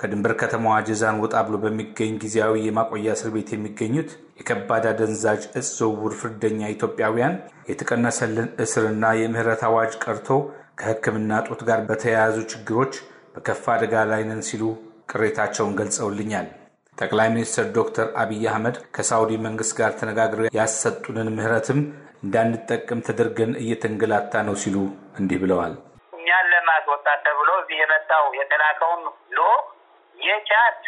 ከድንበር ከተማዋ ጀዛን ወጣ ብሎ በሚገኝ ጊዜያዊ የማቆያ እስር ቤት የሚገኙት የከባድ አደንዛዥ እጽ ዝውውር ፍርደኛ ኢትዮጵያውያን የተቀነሰልን እስርና የምህረት አዋጅ ቀርቶ ከሕክምና ጦት ጋር በተያያዙ ችግሮች በከፋ አደጋ ላይ ነን ሲሉ ቅሬታቸውን ገልጸውልኛል። ጠቅላይ ሚኒስትር ዶክተር አብይ አህመድ ከሳውዲ መንግስት ጋር ተነጋግረው ያሰጡንን ምህረትም እንዳንጠቅም ተደርገን እየተንገላታ ነው ሲሉ እንዲህ ብለዋል። እኛን ለማስወጣት ተብሎ እዚህ የመጣው የተላከውን ልዑክ የጫት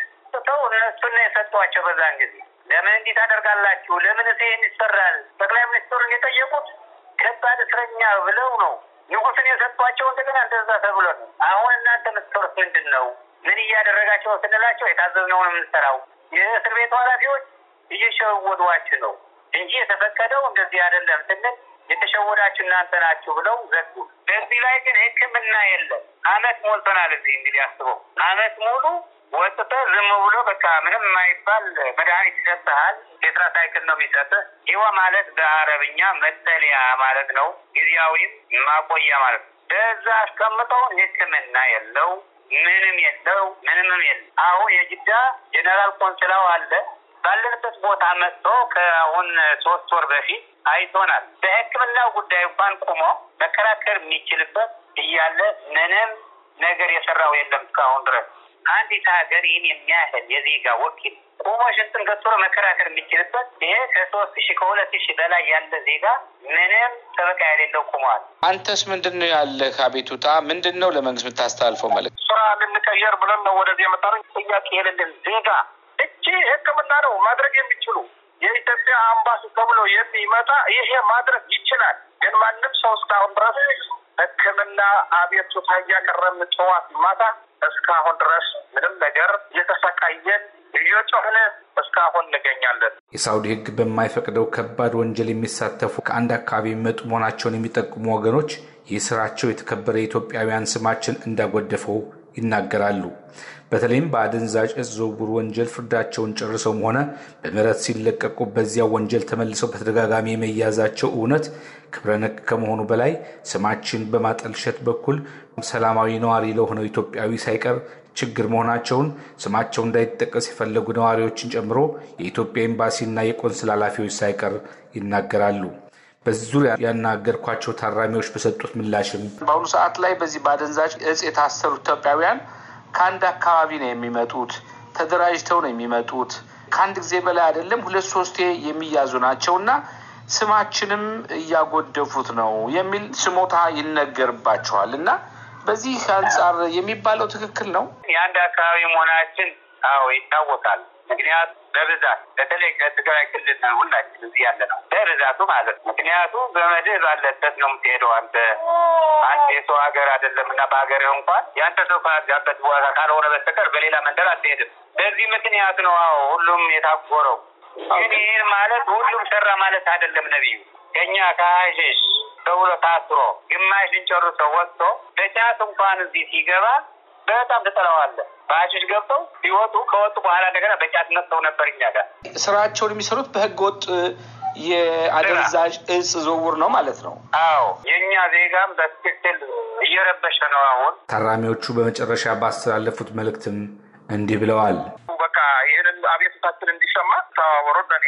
ሰው እነሱን ነው የሰጧቸው። በዛን ጊዜ ለምን እንዲህ ታደርጋላችሁ? ለምን ይህን ይሰራል? ጠቅላይ ሚኒስትሩን የጠየቁት ከባድ እስረኛ ብለው ነው ንጉስን የሰጧቸው። እንደገና እንደዛ ተብሎ ነው። አሁን እናንተ የምትሰሩት ምንድን ነው? ምን እያደረጋቸው ስንላቸው የታዘዝነውን የምንሰራው የእስር ቤቱ ኃላፊዎች እየሸወዷችሁ ነው እንጂ የተፈቀደው እንደዚህ አይደለም ስንል የተሸወዳችሁ እናንተ ናችሁ ብለው ዘጉ። በዚህ ላይ ግን ሕክምና የለም። አመት ሞልተናል። እዚህ እንግዲህ አስበው አመት ሙሉ ወጥተ ዝም ብሎ በቃ ምንም የማይባል መድኃኒት ይሰጥሃል። ሳይክል ነው የሚሰጥህ። ይዋ ማለት በአረብኛ መጠለያ ማለት ነው፣ ጊዜያዊም ማቆያ ማለት ነው። በዛ አስቀምጠው ሕክምና የለው ምንም የለው ምንምም የለ። አሁን የጅዳ ጀነራል ቆንስላው አለ ባለንበት ቦታ መጥቶ ከአሁን ሶስት ወር በፊት አይቶናል። በህክምና ጉዳይ እንኳን ቁሞ መከራከር የሚችልበት እያለ ምንም ነገር የሰራው የለም እስካሁን ድረስ አንዲት ሀገር ይህን የሚያህል የዜጋ ወኪል ቆሞ ሽንጡን ገትሮ መከራከር የሚችልበት ይሄ ከሶስት ሺ ከሁለት ሺ በላይ ያለ ዜጋ ምንም ጠበቃ የሌለው ቁመዋል። አንተስ ምንድን ነው ያለህ አቤቱታ? ምንድን ነው ለመንግስት የምታስተላልፈው መልዕክት? ስራ ልንቀየር ብለን ነው ወደዚህ የመጣነው። ጥያቄ የሌለን ዜጋ እቺ ህክምና ነው ማድረግ የሚችሉ የኢትዮጵያ አምባሲ ተብሎ የሚመጣ ይሄ ማድረግ ይችላል። ግን ማንም ሰው እስካሁን ድረስ ህክምና አቤቱታ እያቀረብን ጠዋት ማታ እስካሁን ድረስ ምንም ነገር እየተሰቃየን እየጮህን እስካሁን እንገኛለን። የሳውዲ ሕግ በማይፈቅደው ከባድ ወንጀል የሚሳተፉ ከአንድ አካባቢ የሚመጡ መሆናቸውን የሚጠቁሙ ወገኖች የስራቸው የተከበረ የኢትዮጵያውያን ስማችን እንዳጎደፈው ይናገራሉ። በተለይም በአደንዛዥ እጽ ዝውውር ወንጀል ፍርዳቸውን ጨርሰውም ሆነ በምህረት ሲለቀቁ በዚያ ወንጀል ተመልሰው በተደጋጋሚ የመያዛቸው እውነት ክብረነክ ከመሆኑ በላይ ስማችን በማጠልሸት በኩል ሰላማዊ ነዋሪ ለሆነው ኢትዮጵያዊ ሳይቀር ችግር መሆናቸውን ስማቸው እንዳይጠቀስ የፈለጉ ነዋሪዎችን ጨምሮ የኢትዮጵያ ኤምባሲና የቆንስል ኃላፊዎች ሳይቀር ይናገራሉ። በዙሪያ ያናገርኳቸው ታራሚዎች በሰጡት ምላሽም በአሁኑ ሰዓት ላይ በዚህ በአደንዛዥ እጽ የታሰሩ ኢትዮጵያውያን ከአንድ አካባቢ ነው የሚመጡት፣ ተደራጅተው ነው የሚመጡት። ከአንድ ጊዜ በላይ አይደለም ሁለት ሶስቴ የሚያዙ ናቸው እና ስማችንም እያጎደፉት ነው የሚል ስሞታ ይነገርባቸዋል እና በዚህ አንጻር የሚባለው ትክክል ነው። የአንድ አካባቢ መሆናችን አዎ ይታወቃል። ምክንያቱ በብዛት በተለይ ከትግራይ ክልል ሁላችን እዚህ ያለ ነው በብዛቱ ማለት ነው። ምክንያቱ በመድህ ባለበት ነው የምትሄደው አንተ አንድ የሰው ሀገር አይደለም እና በሀገር እንኳን ያንተ ሰው ካጋበት ቦታ ካልሆነ በስተቀር በሌላ መንደር አትሄድም። በዚህ ምክንያት ነው አዎ ሁሉም የታጎረው። ግን ይህን ማለት ሁሉም ሰራ ማለት አይደለም። ነቢዩ ከኛ ከሀሽሽ ተብሎ ታስሮ ግማሽ እንጨሩ ሰው ወጥቶ በጫት እንኳን እዚህ ሲገባ በጣም ተጠለዋለ። ባያሾች ገብተው ሊወጡ ከወጡ በኋላ እንደገና በጫት መጥተው ነበር እኛ ጋር። ስራቸውን የሚሰሩት በህገ ወጥ የአደንዛዥ እጽ ዝውውር ነው ማለት ነው። አዎ የእኛ ዜጋም በትክክል እየረበሸ ነው አሁን። ታራሚዎቹ በመጨረሻ ባስተላለፉት መልእክትም እንዲህ ብለዋል። በቃ ይህንን አቤቱታችን እንዲሰማ ተባበሩ። እኔ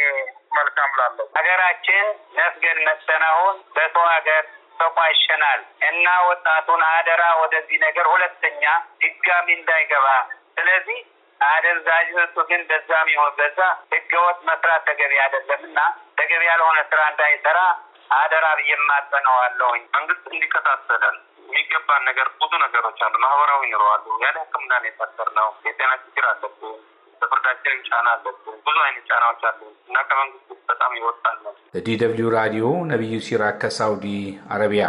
መልካም ላለሁ ሀገራችን ነፍገን መሰናሆን በሰው ሀገር ተቋይሸናል እና ወጣቱን አደራ ወደዚህ ነገር ሁለተኛ ድጋሚ እንዳይገባ። ስለዚህ አደንዛዥነቱ ግን በዛም ይሁን በዛ ህገወጥ መስራት ተገቢ አይደለም እና ተገቢ ያልሆነ ስራ እንዳይሰራ አደራ ብዬ ማጸነዋለሁኝ። መንግስት እንዲከታተለን የሚገባን ነገር ብዙ ነገሮች አሉ። ማህበራዊ ኑሮ አሉ። ያለ ህክምና ነው የጤና ችግር አለብን። በፍርዳችን ጫና አለብን። ብዙ አይነት ጫናዎች አሉ እና ከመንግስት በጣም ይወጣል ነው። ዲ ደብልዩ ራዲዮ ነቢዩ ሲራክ ከሳውዲ አረቢያ